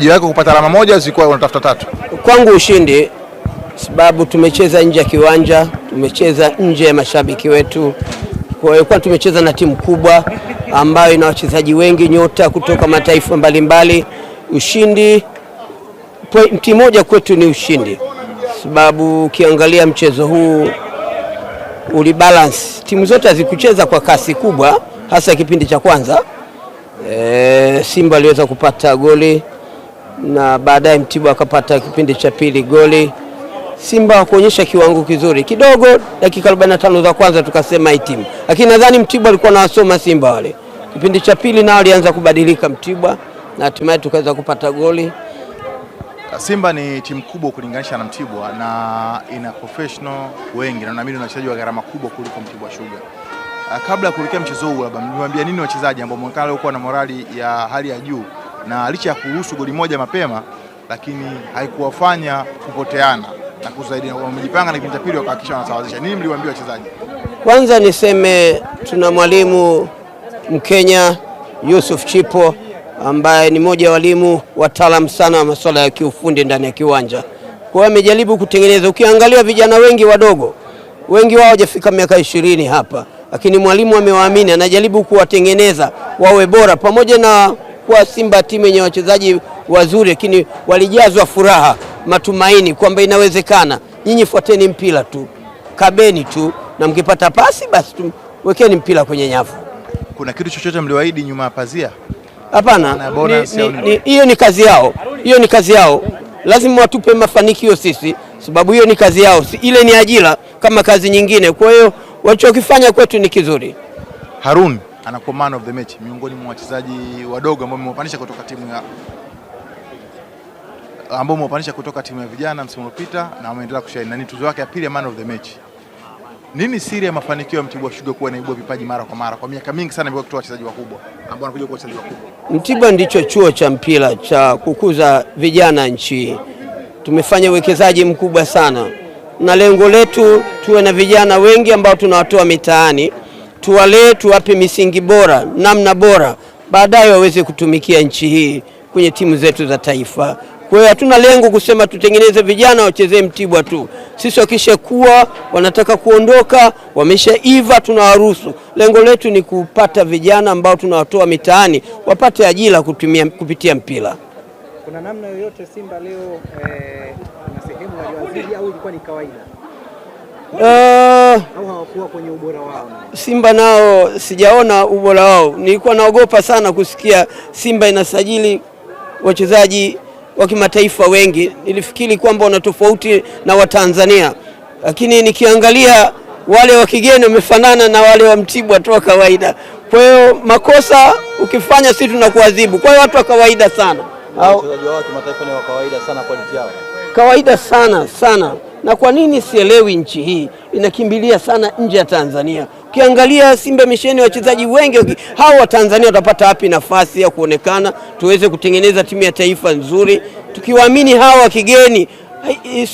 Juu yako kupata alama moja zilikuwa unatafuta tatu. Kwangu ushindi, sababu tumecheza nje ya kiwanja, tumecheza nje ya mashabiki wetu, kwa hiyo kwa tumecheza na timu kubwa ambayo ina wachezaji wengi nyota kutoka mataifa mbalimbali mbali. Ushindi pointi moja kwetu ni ushindi, sababu ukiangalia mchezo huu ulibalance, timu zote hazikucheza kwa kasi kubwa, hasa kipindi cha kwanza. E, Simba aliweza kupata goli na baadaye Mtibwa akapata kipindi cha pili goli. Simba kuonyesha kiwango kizuri kidogo, dakika 45 za kwanza tukasema hii timu, lakini nadhani Mtibwa alikuwa anawasoma Simba wale. Kipindi cha pili nao alianza kubadilika Mtibwa na hatimaye tukaweza kupata goli. Simba ni timu kubwa kulinganisha na Mtibwa na ina professional wengi na naamini wachezaji wa gharama kubwa kuliko Mtibwa Sugar. Kabla ya kuelekea mchezo huu, labda nini wachezaji ambao mkale huko na morali ya hali ya juu na licha ya kuruhusu goli moja mapema, lakini haikuwafanya kupoteana na kusaidiana. Wamejipanga na kipindi cha pili wakahakikisha wanasawazisha. Nini mliwaambia wachezaji? Kwanza niseme tuna mwalimu Mkenya Yusuf Chipo ambaye ni mmoja wa walimu wataalamu sana wa masuala ya kiufundi ndani ya kiwanja. Kwa hiyo amejaribu kutengeneza, ukiangalia vijana wengi wadogo, wengi wao hawajafika miaka ishirini hapa, lakini mwalimu amewaamini, anajaribu kuwatengeneza wawe bora pamoja na haikuwa Simba timu yenye wachezaji wazuri, lakini walijazwa furaha, matumaini kwamba inawezekana. Nyinyi fuateni mpira tu, kabeni tu, na mkipata pasi basi wekeni mpira kwenye nyavu. Kuna kitu chochote mliwaahidi nyuma ya pazia? Hapana, hiyo ni kazi yao, hiyo ni kazi yao, lazima watupe mafanikio sisi, sababu hiyo ni kazi yao, ile ni ajira kama kazi nyingine. Kwa hiyo walichokifanya kwetu ni kizuri. Haruni, anakuwa man of the match miongoni mwa wachezaji wadogo ambao mmewapandisha kutoka timu ya ambao mmewapandisha kutoka timu ya vijana msimu uliopita na ameendelea kushaini na ni tuzo yake ya pili ya man of the match. Nini siri ya mafanikio ya Mtibwa Sugar kuwa naibua vipaji mara kwa mara? Kwa miaka mingi sana imekuwa kutoa wachezaji wakubwa ambao wanakuja kuwa wachezaji wakubwa. Mtibwa ndicho chuo cha mpira cha kukuza vijana nchi. Tumefanya uwekezaji mkubwa sana, na lengo letu tuwe na vijana wengi ambao tunawatoa mitaani tuwalee, tuwape misingi bora, namna bora, baadaye waweze kutumikia nchi hii kwenye timu zetu za taifa. Kwa hiyo hatuna lengo kusema tutengeneze vijana wachezee Mtibwa tu. Sisi wakishakuwa wanataka kuondoka, wameshaiva, tunawaruhusu. Lengo letu ni kupata vijana ambao tunawatoa mitaani wapate ajira kutumia, kupitia mpira. Kuna namna yoyote Simba leo eh, na sehemu ya au ilikuwa ni kawaida? Uh, kuwa kwenye ubora wao. Simba nao sijaona ubora wao, nilikuwa naogopa sana kusikia Simba inasajili wachezaji wa kimataifa wengi, nilifikiri kwamba wana tofauti na Watanzania, lakini nikiangalia wale wa kigeni wamefanana na wale wa Mtibwa tu wa kawaida. Kwa hiyo makosa ukifanya, si tunakuadhibu. Kwa hiyo watu wa kawaida sana wachezaji wao kimataifa ni wa kawaida sana, nchi yao kawaida sana sana. Na kwa nini sielewi nchi hii? inakimbilia sana nje ya Tanzania. Ukiangalia Simba misheni wachezaji wengi hao wa Tanzania watapata wapi nafasi ya kuonekana, tuweze kutengeneza timu ya taifa nzuri, tukiwaamini hawa wa kigeni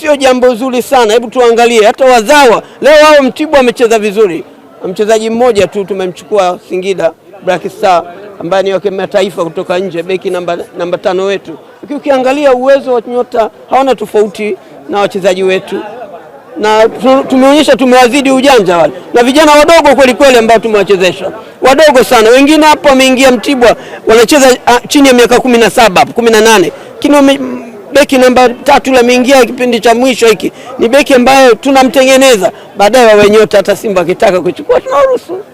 sio jambo zuri sana. Hebu tuangalie hata wazawa leo, wao Mtibwa amecheza vizuri, mchezaji mmoja tu tumemchukua Singida Black Star ambaye ni wa kimataifa kutoka nje, beki namba, namba tano wetu. Ukiangalia uwezo wa nyota hawana tofauti na wachezaji wetu na tumeonyesha tumewazidi ujanja wale na vijana wadogo kweli kweli ambao tumewachezesha wadogo sana. Wengine hapo wameingia Mtibwa wanacheza ah, chini ya miaka kumi na saba kumi na nane lakini beki namba tatu lameingia kipindi cha mwisho hiki, ni beki ambayo tunamtengeneza baadaye wawe nyota. Hata Simba akitaka kuchukua tunaruhusu.